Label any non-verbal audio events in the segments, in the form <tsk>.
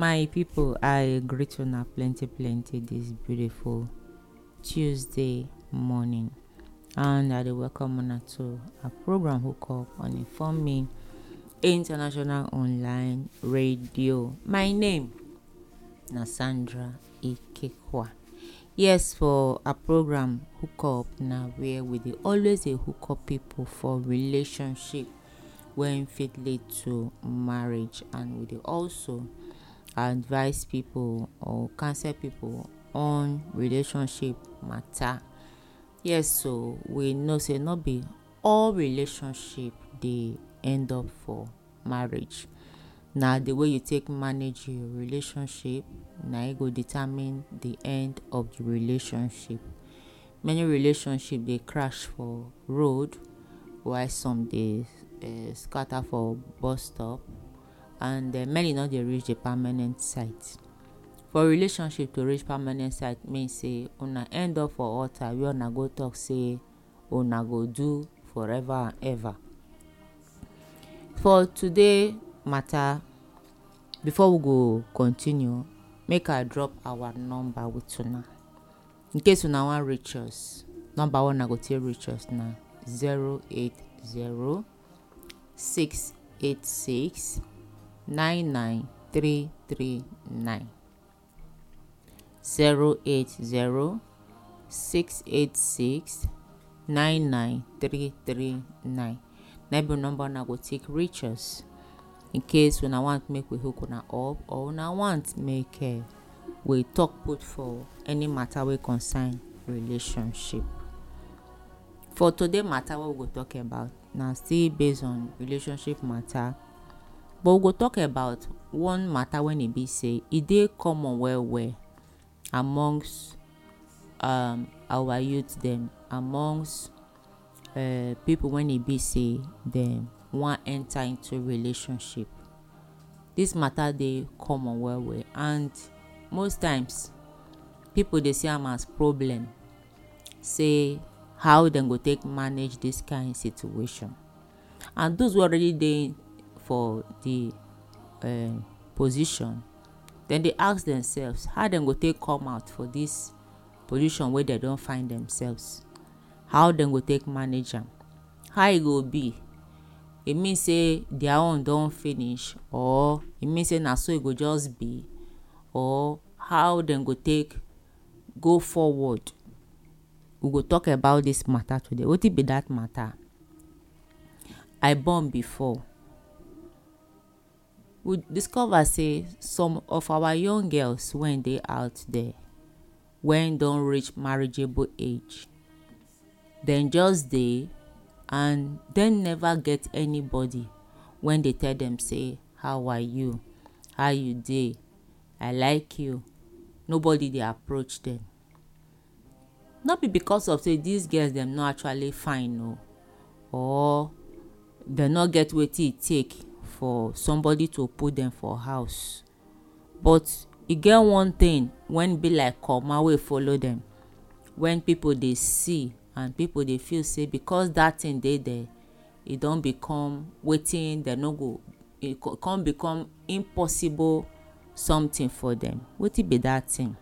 My people, I greet you now plenty, plenty this beautiful Tuesday morning. And I welcome you to a program hook up on Inform Me International Online Radio. My name na Sandra Ikekwa. Yes, for a program hook up now where we dey always dey hook up people for relationship when fit lead to marriage and we dey also advise people or counsel people on relationship matter yes so we know say no be all relationship dey end up for marriage na the way you take manage your relationship na e go determine the end of the relationship many relationship dey crash for road while some dey uh, scatter for bus stop and uh, many no dey reach the permanent site for relationship to reach permanent site mean say una end up for altar where una go talk say una go do forever and ever for today matter before we go continue make i drop our number with una in case una wan reach us number one na go take reach us na zero eight zero six eight six. 99339 080 686 99339 na be number una go take reach us in case una want make we hook una up or una want make uh, we talk put for any matter wey concern relationship for today matter wey we go talk about na still based on relationship matter but we go talk about one matter when e be say e dey common well well amongst um, our youth dem amongst uh, people when e be say dem wan enter into relationship this matter dey common well well and most times people dey see am as problem say how dem go take manage this kind situation and those wey already dey for the uh, position then they ask themselves how dem go take come out for this position wey they don find themselves how dem go take manage am how e go be e mean say their own don finish or e mean say na so e go just be or how dem go take go forward we go talk about this matter today wetin be that matter i born before we discover say some of our young girls wey dey out there wey don reach marriageable age dem just dey and dem never get anybody wey dey tell dem say how are you how you dey i like you nobody dey approach dem no be because of say these girls dem no actually fine o or dem no get wetin e take for somebody to put them for house but e get one thing wen be like comma wey follow dem wen people dey see and people dey feel say because that thing dey there e don become wetin dem no go e come become impossible something for dem wetin be that thing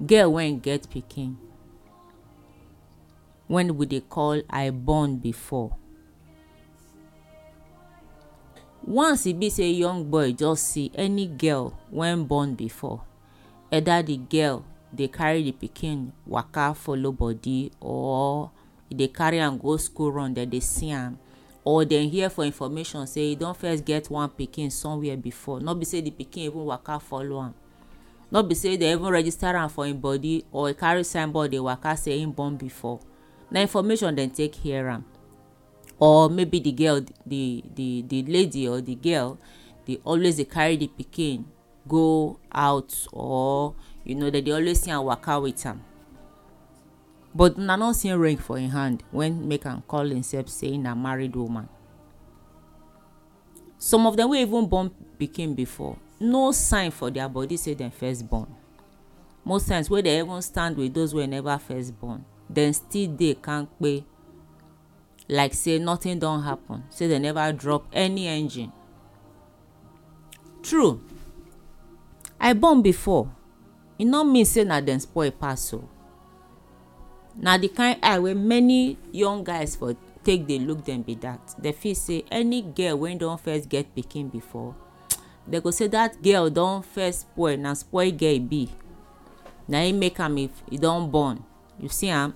girl wen e get pikin wen we dey call i born before once e be say young boy just see any girl wen born before either the girl dey carry the pikin waka follow body or e dey carry am go school run dem dey see am or dem hear for information say e don first get one pikin somewhere before no be say the pikin even waka follow am no be say dem even register am for im body or e carry signboard dey waka say im born before na information dem take hear am or maybe the girl the the the lady or the girl dey always dey carry the pikin go out or you know dem dey always see am waka with am but una no see ring for im hand wen make am call imsef say na married woman some of dem wey even born pikin before no sign for their body say dem first born most times wey dem even stand with those wey never first born dem still dey kampe like say nothing don happen say they never drop any engine true i born before e no mean say na dem spoil pass o na the kind eye wey many young guys for take dey look dem be that dem feel say any girl wey don first get pikin before <tsk> dem go say that girl don first spoil na spoil girl e be na im make am e don born you see am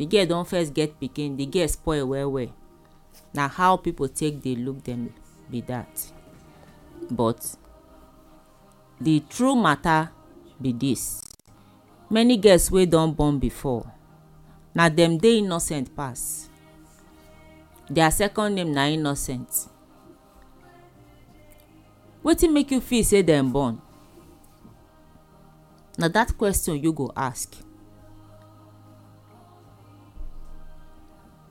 the girl don first get pikin the girl spoil well well na how people take dey look them be that but the true matter be this many girls wey don born before na them dey innocent pass their second name na innocent wetin make you feel say them born na that question you go ask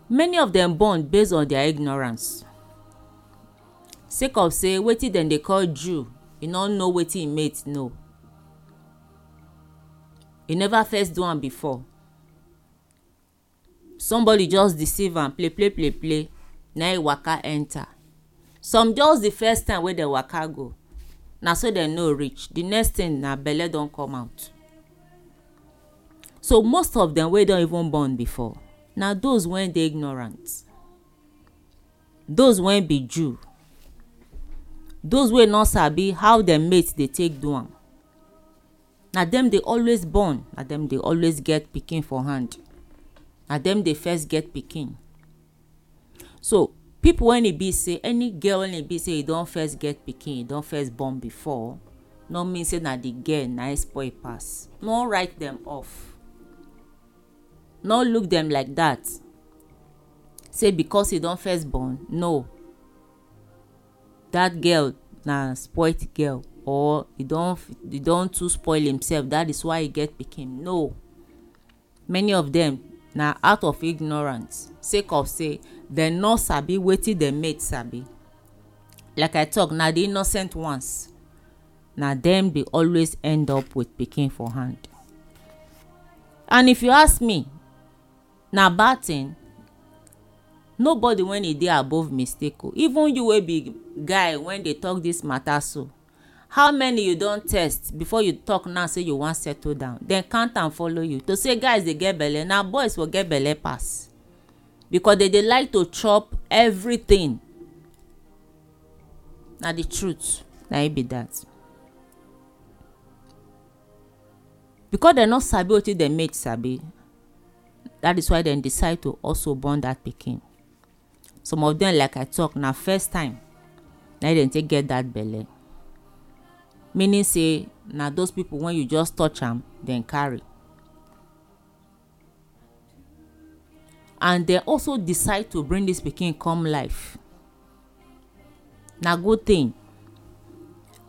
many of dem born based on their ignorance sake of say wetin dem dey call jew e no know wetin im mate know e never first do am before somebody just deceive am play play play play na e waka enter some just the first time wey dem waka go na so dem know reach the next thing na belle don come out so most of dem wey don even born before na those wey dey ignorant those wey be jew those wey no sabi how dem mate dey take do am na dem dey always born na dem dey always get pikin for hand na dem dey first get pikin so people when e be say any girl when e be say e don first get pikin e don first born before no mean say na the girl na spoil pass no write dem off no look dem like dat say because you don first born no dat girl na spoilt girl or e don e don too spoil himself that is why e get pikin no many of dem na out of ignorance sake of say dem no sabi wetin dem mate sabi like i talk na the innocent ones na dem dey always end up with pikin for hand and if you ask me na bad thing nobody wen e dey above mistake o even you wey be guy wen dey talk this matter so how many you don test before you talk now say you wan settle down then count am follow you to say guys dey get belle na boys for get belle pass because they dey like to chop everything na the truth na it e be that because they no sabi wetin dem mate sabi that is why dem decide to also born that pikin some of dem like i talk na first time na e dem take get that belle meaning say na those people when you just touch am dem carry and dem also decide to bring this pikin come life na good thing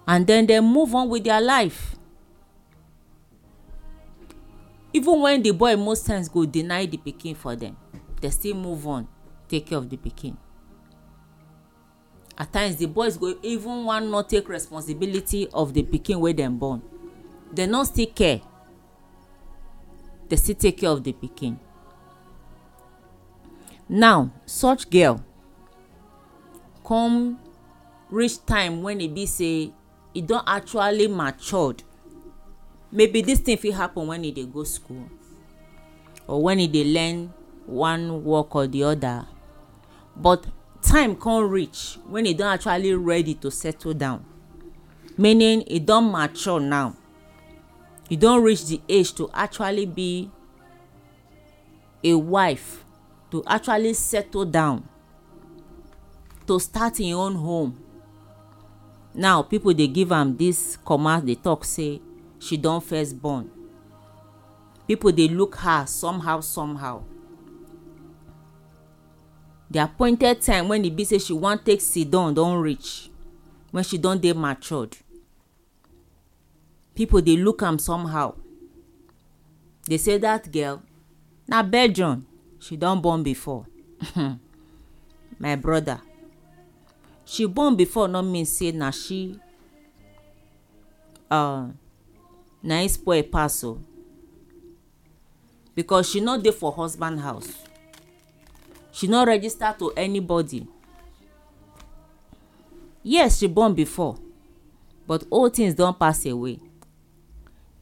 and then dem move on with their life even when the boy most times go deny the pikin for them they still move on take care of the pikin at times the boys go even wan not take responsibility of the pikin wey dem born dem no still care dem still take care of the pikin now such girl come reach time when e be say e don actually matured maybe this thing fit happen when he dey go school or when he dey learn one work or the other but time come reach when he don actually ready to settle down meaning he don mature now He don reach the age to actually be a wife to actually settle down to start im own home now people dey give am this command dey talk say she don first born people dey look her somehow somehow the appointed time when e be say she wan take siddon don reach when she don dey matured people dey look am somehow dey say that girl na belgium she don born before <laughs> my brother she born before no mean say na she Uh na im e spoil pass o because she no dey for husband house she no register to anybody yes she born before but old things don pass away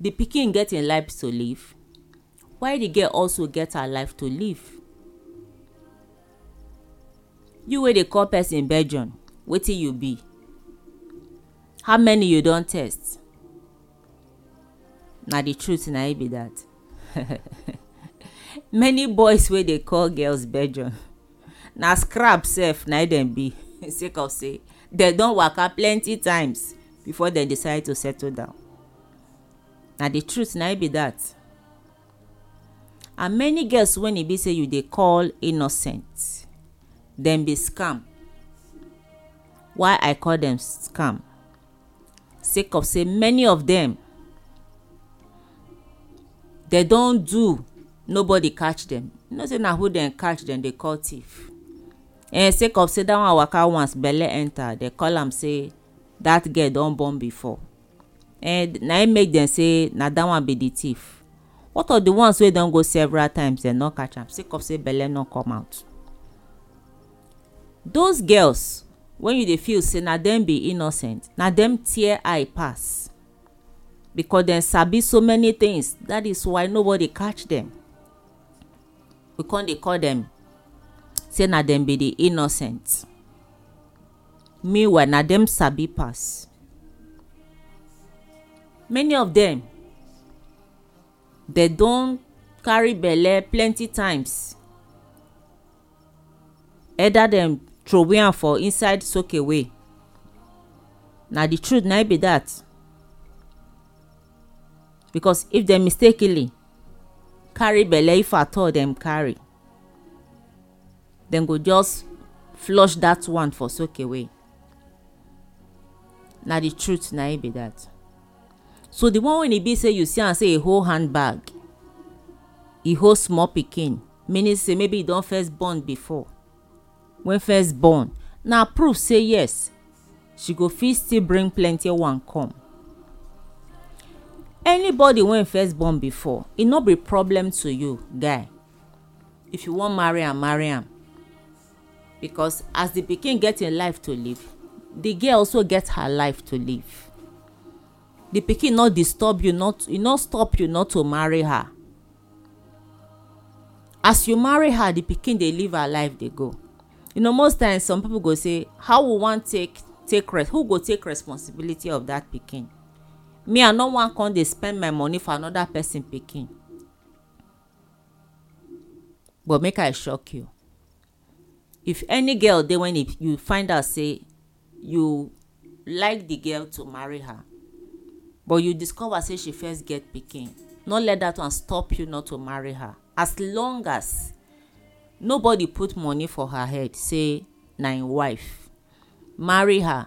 the pikin get im life to live while the girl also get her life to live you wey dey call person belgium wetin you be how many you don test na the truth na e be that <laughs> many boys wey dey call girls bedroom na scrap sef na e dem be <laughs> sake of say dem don waka plenty times before dem decide to settle down na the truth na e be that and many girls wen e be say you dey call innocent dem be scam why i call dem scam sake of say many of dem dem don do nobody catch dem you know say na who dem catch dem dey call thief And eh, sake of say that one waka once belle enter dem call am say that girl don born before And eh, na im make dem say na that one be the thief what of the ones wey don go several times dem no catch am sake of say belle no come out those girls when you dey feel say na dem be innocent na dem tear eye pass because dem sabi so many things that is why nobody catch dem we come dey call dem say na dem be the innocent meanwhile na dem sabi pass many of dem dey don carry belle plenty times either dem throway am for inside soak away. na the truth na e be that because if dem mistakenly carry belle if at all dem carry dem go just flush that one for soak away na the truth na it be that so the one wey e be say you see am say e hold handbag e hold small pikin meaning say maybe e don first born before when first born na proof say yes she go fit still bring plenty one come anybody wey first born before e no be problem to you guy if you wan marry am marry am because as the pikin get im life to live the girl also get her life to live the pikin no disturb you not e no stop you not to marry her as you marry her the pikin dey live her life dey go you know most times some people go say how we wan take take rest who go take responsibility of that pikin me i no wan come dey spend my money for another person pikin but make i shock you if any girl dey when it, you find out say you like the girl to marry her but you discover say she first get pikin no let that one stop you not to marry her as long as nobody put money for her head say na im wife marry her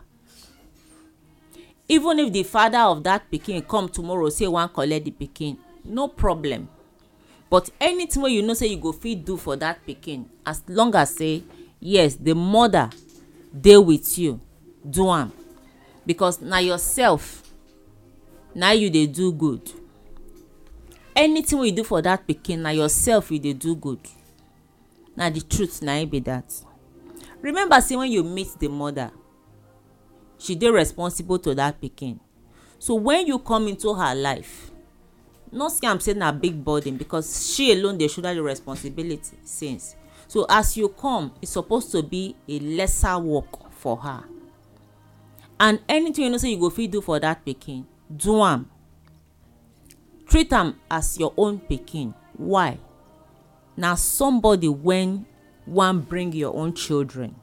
even if the father of that pikin come tomorrow say wan collect the pikin no problem but anything wey you know say you go fit do for that pikin as long as say yes the mother dey with you do am because na yourself na you dey do good anything wey you do for that pikin na yourself you dey do good na the truth na im be that remember say when you meet the mother she dey responsible to that pikin so when you come into her life no see am say na big burden because she alone dey shoulder the responsibility since so as you come e suppose to be a lesser work for her and anything you know say you go fit do for that pikin do am treat am as your own pikin why na somebody wen wan bring your own children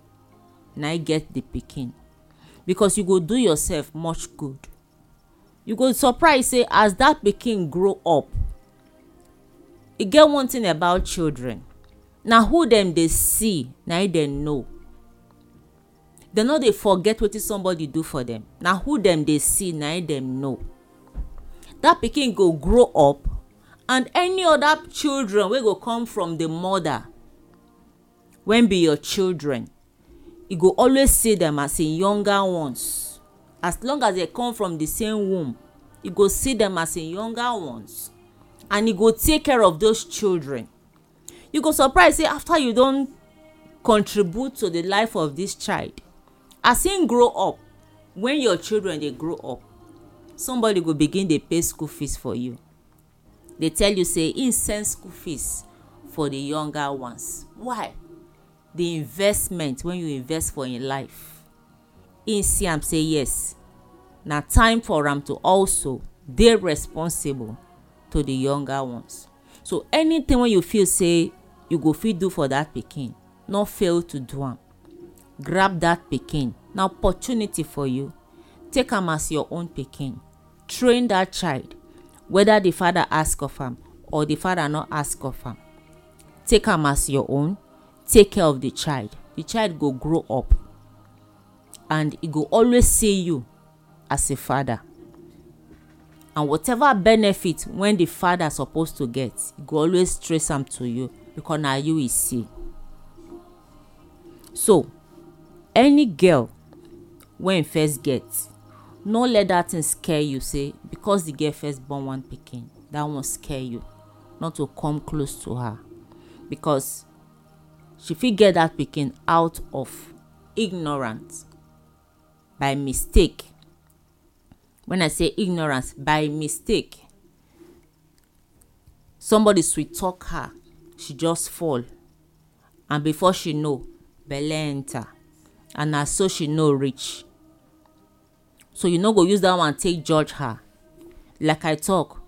na e get the pikin because you go do yourself much good you go surprise say as that pikin grow up e get one thing about children na who dem dey see na im e dem know dem no dey forget wetin somebody do for dem na who dem dey see na im e dem know that pikin go grow up and any other children wey go come from the mother when be your children e go always see them as im younger ones as long as they come from the same womb e go see them as im younger ones and e go take care of those children you go surprise say after you don contribute to the life of this child as im grow up when your children dey grow up somebody go begin dey pay school fees for you dey tell you say im send school fees for the younger ones why the investment wey you invest for im life im see am say yes na time for am to also dey responsible to the younger ones so anything wey you feel say you go fit do for that pikin no fail to do am grab that pikin na opportunity for you take am as your own pikin train that child whether the father ask of am or the father no ask of am take am as your own take care of the child the child go grow up and e go always see you as a father and whatever benefit when the father suppose to get e go always trace am to you because na you e see so any girl wey first get no let that thing scare you say because the girl first born one pikin that one scare you not to come close to her because she fit get dat pikin out of ignorance by mistake when i say ignorance by mistake somebody sweet talk her she just fall and before she know belle enter and na so she know reach so you no go use that one take judge her like i talk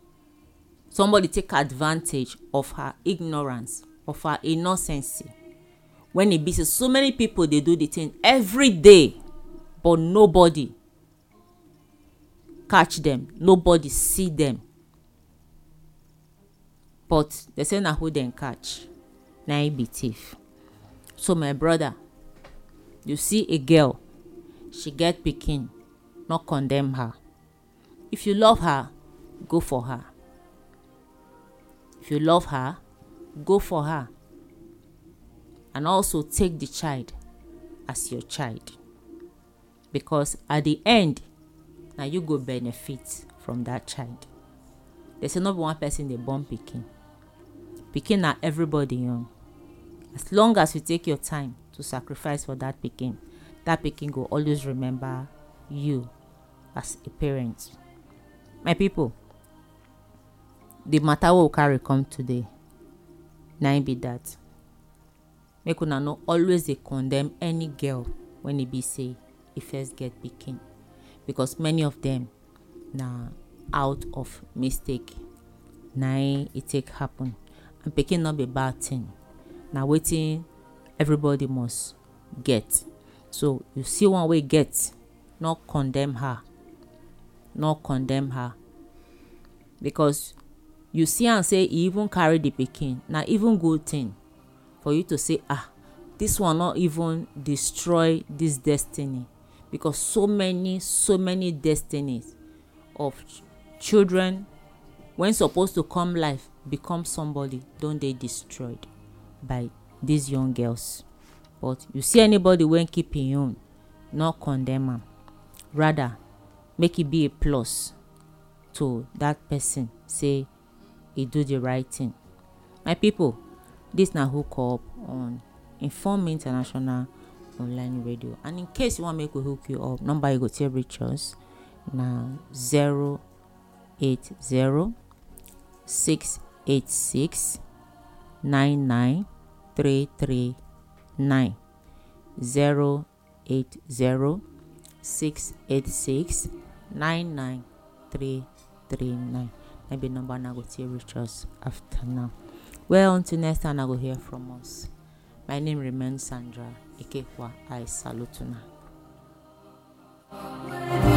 somebody take advantage of her ignorance of her innocency when e be say so many people dey do the thing every day but nobody catch them nobody see them but they say na who dem catch na him be thief so my brother you see a girl she get pikin no condemn her if you love her go for her if you love her go for her and also take the child as your child because at the end now you go benefit from that child There's another one person they born picking, picking na everybody young as long as you take your time to sacrifice for that picking, that picking will always remember you as a parent my people the matter carry come today Now, be that make una no always dey condemn any girl when e be say e first get pikin because many of them na out of mistake na e take happen and pikin no be bad thing na wetin everybody must get so you see one wey get no condemn her no condemn her because you see am say e even carry the pikin na even good thing for you to say ah this one not even destroy this destiny because so many so many destinies of ch children when supposed to come life become somebody don dey destroyed by these young girls but you see anybody wey keep im own no condemn am rather make e be a plus to that person say e do the right thing my people This na hook up on Inform International online radio. And in case you want make we hook you up, number you go take reach us na zero eight zero six eight six nine nine three three nine zero eight zero six eight six nine nine three three nine. Maybe number na go take reach us after now. Well, until next time, I will hear from us. My name remains Sandra Ikekwa. I salute you now.